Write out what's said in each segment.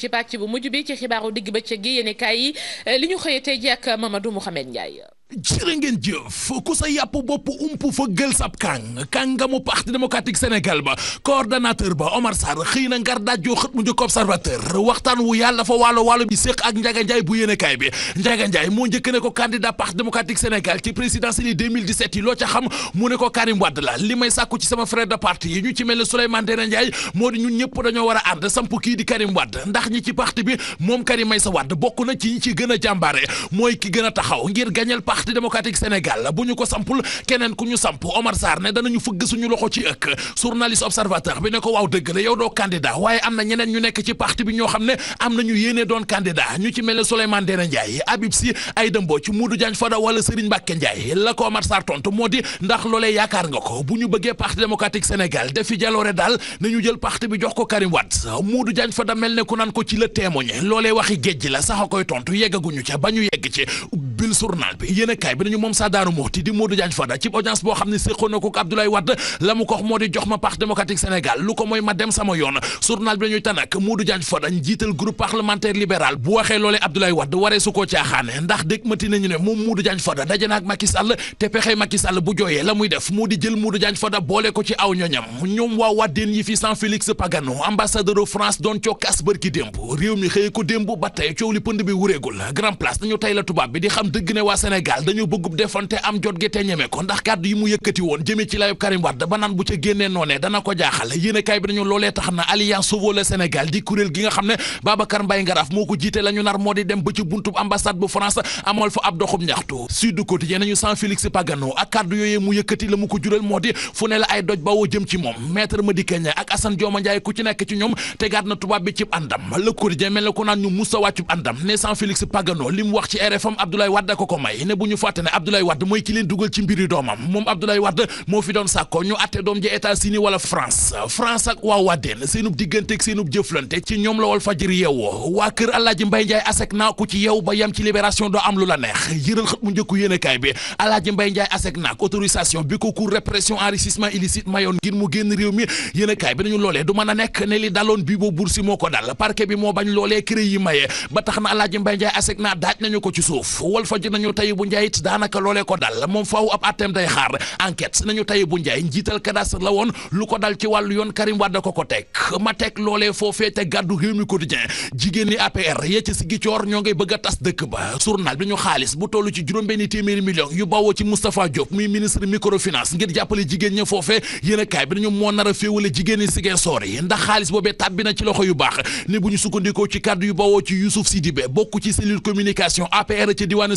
ci pàcc bu mujj bi ci xibaaru digg bëccëg gi yéen yi eh, li ñu xëyee tey ji ak Mamadou Mouhamed Ndiaye jërë ngeen jëf ku sa yàpp bopp ump fa gël sab kàng kàngamu parti démocratique sénégal ba coordonnateur ba Omar Sarr xëy na ngar daajjoo xët mu njëkk observateur waxtaan wu yàlla fa wàllo wàllo bi séq ak Njaga Njaay bu yéenekaay bi Njaga moo njëkk ne ko candidat parti démocratique sénégal ci présidentielle yi 2017 yi loo ca xam mu ne ko Karim Wade la li may sàkku ci sama frère de parti yi ñu ci mel ne Souleymane Ndéné moo di ñun ñëpp dañoo war ànd na ci ñi ci gën a jàmbaare mooy ki gën parti démocratique Sénégal bu ñu ko sampul keneen ku ñu samp Omar Sarr ne danañu fëgg suñu loxo ci ëkk journaliste observateur bi ne ko waaw dëgg la yow doo candidat waaye am na ñeneen ñu nekk ci parti bi ñoo xam ne am na ñu yéene doon candidat ñu ci mel ne Souleymane Ndéné Ndiaye Habib Sy Aïda Mbodj Modou Diagne Fada wala Serigne Mbacké Ndiaye la ko Omar Sarr tontu moo di ndax loolee yaakaar nga ko bu ñu bëggee parti démocratique Sénégal defi jaloore daal nañu jël parti bi jox ko Karim Wade Modou Diagne Fada mel ne ku naan ko ci la témoigné loolee waxi géej la sax koy tontu yeggaguñu ca ba ñu yegg ci ubbil journal bi yéen a kaay bi nañu moom saa daaru muxti di Modou Diagne Fada ci audience boo xam ne séqoon na ko Abdoulaye Wade la mu ko wax moo di jox ma parti démocratique Sénégal lu ko mooy ma dem sama yoon journal bi nañuy tanak Modou Diagne Fada njiital groupe parlementaire libéral bu waxee loolee Abdoulaye Wade waree su koo caaxaane ndax dégg nañu ne moom Modou Diagne Fada daje na ak Macky Sall te pexey Macky Sall bu jooyee la muy def moo di jël Modou Diagne ba dëgg ne waa Sénégal dañu bëggub defante am jot gi te ñeme ko ndax kàddu yi mu yëkkati woon jëmee ci layub Karim Wade ba naan bu ca génnee noonee dana ko jaaxal yéene kaay bi nañu loolee tax na Alliance Sauvons le Sénégal di kuréel gi nga xam ne Babacar Mbaye Ngaraaf moo ko jiite la ñu nar moo di dem ba ci buntub ambassade bu France amal fa ab doxub ñaxtu Sud Quotidien nañu sans Félix Pagano ak kàddu yooyee mu yëkkati la mu ko jural moo moom maître Madické Niang ak Assane Dioma Ndiaye ku ci nekk ci wax Wade ko ko may ne bu ñu fàtte ne Abdoulaye Wade mooy moo fi doon sàkko ñu atte doom ji États-Unis wala France France ak waa Wadeen seenub diggante seenub jëflante ci ñoom la wal fajëri yeewoo waa kër Alaaji Mbay Njaay asek naa ko ba yam ci libération doo am lu la bi ko cour répression enrichissement illicite mayoon ngir mu génn réew mi yéenekaay bi nañu loolee du mën a nekk ne li daloon bi boo bursi moo ko dal parquet bi moo bañ loolee cré yi mayee ba tax na Alaaji Mbay ko Walfadjri nañu Tahibou Ndiaye it daanaka loolee ko dal moom faaw ab atteem day xaar enquête nañu bu Ndiaye njiital cadastre la woon lu ko dal ci wàllu yoon Karim Wade ko ko teg ma teg loolee foofee te gàddu réew mi quotidien jigéen ni APR yee ci sigi coor ñoo ngay bëgg tas dëkk ba journal bi ñu xaalis bu toll ci juróom-benni téeméeri million yu bawoo ci Moustapha Diop muy ministre microfinance ngir jàppale jigéen ña foofee yéen bi dañu moo nar a féewale xaalis boobee tàbbi na ci loxo yu baax ni bu ñu sukkandikoo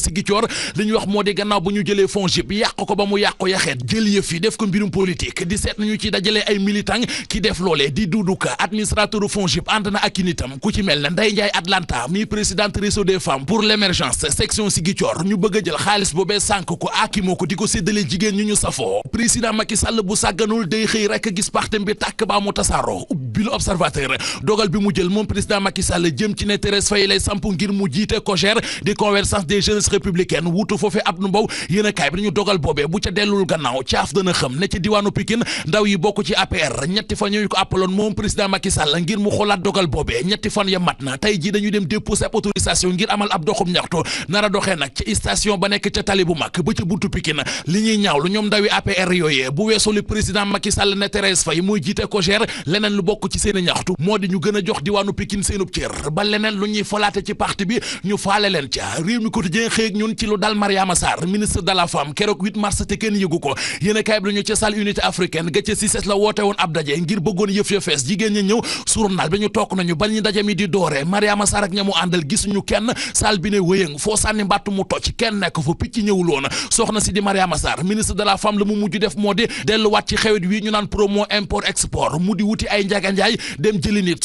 Ziguinchor li ñu wax moo di gannaaw ba ñu jëlee FONGIP yàq ko ba mu yàqu yaxeet jël yëf yi def ko mbirum politique di seet nañu ci dajale ay militant ki def loolee di Doudou Ka administrateur FONGIP ànd na ak i nitam ku ci mel ne Ndeye Ndiaye Atlanta mi présidente réseau des femmes pour l'émergence section Ziguinchor ñu bëgg a jël xaalis boobee sànk ko aakimoo ko di ko séddale jigéen ñu ñu safoo président Macky Sall bu sàgganul day xëy rek gis partem bi tàkk baa mu tasaaroo ubbi lu observateur dogal bi mu jël moom président Macky Sall jëm ci ne Thérèse Faye mu jiite COJER di convergence des jeunes républicaine wutu foofee Abdou Mbow yéen a kaay bi nañu dogal boobee bu ca dellul gannaaw caaf dana xam ne ci diwaanu Pikine ndaw yi bokk ci APR ñetti fan yooyu a station ba nekk ca tali bu mag ba ca buntu Pikine li ñuy ñaawlu ñoom ndawi APR yooyee bu weesoo li président Macky Sall ne Thérèse Faye muy jiite ko gère leneen lu bokk ci seen i ñaxtu moo di ñu gën a jox diwaanu Pikine seenub cër ba leneen lu ñuy falaate ci parti bi ñu faale leen ca réew mi quotidien xëyeg ñun ci lu dal Mariama Sarr ministre de la femme keroog 8 mars te kenn yëgu ko yéen bi ñu ca salle unité africaine ga ca Cissé la woote woon ab daje ngir bëggoon yëf ya jigéen ñi ñëw journal bi ñu toog nañu ba ñu daje mi di doore Mariama Sarr ak ñamu àndal gisuñu kenn salle bi ne wëyëng foo sànni mbàtt mu tocc kenn nekk fa picc ñëwul woon soxna si di Mariama Sarr ministre de la femme la mu mujj def moo di delluwaat ci xewet wi ñu naan promo import export mu di wuti ay njaganjaay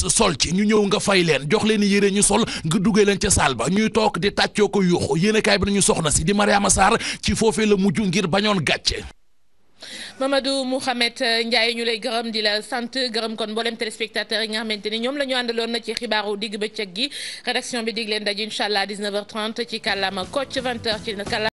sol ci ñu ñëw nga fay leen jox leen yére ñu sol nga duggee leen ca salle ba ñuy toog di tàccoo ko yuuxu yéenekaay bi nañu soxna si di Mariama Sarr ci foofee la mujj ngir bañoon gàcce Mamadou Mouhamed euh, Ndiaye ñu lay gërëm di la sant gërëm kon mboolem téléspectateur yi nga xamante ni ñoom la ñu àndaloon na ci xibaaru digg bëccëg gi rédaction bi dig leen daj incha allah 19h30 ci kàllaama Kocc 20 ci kàllaama.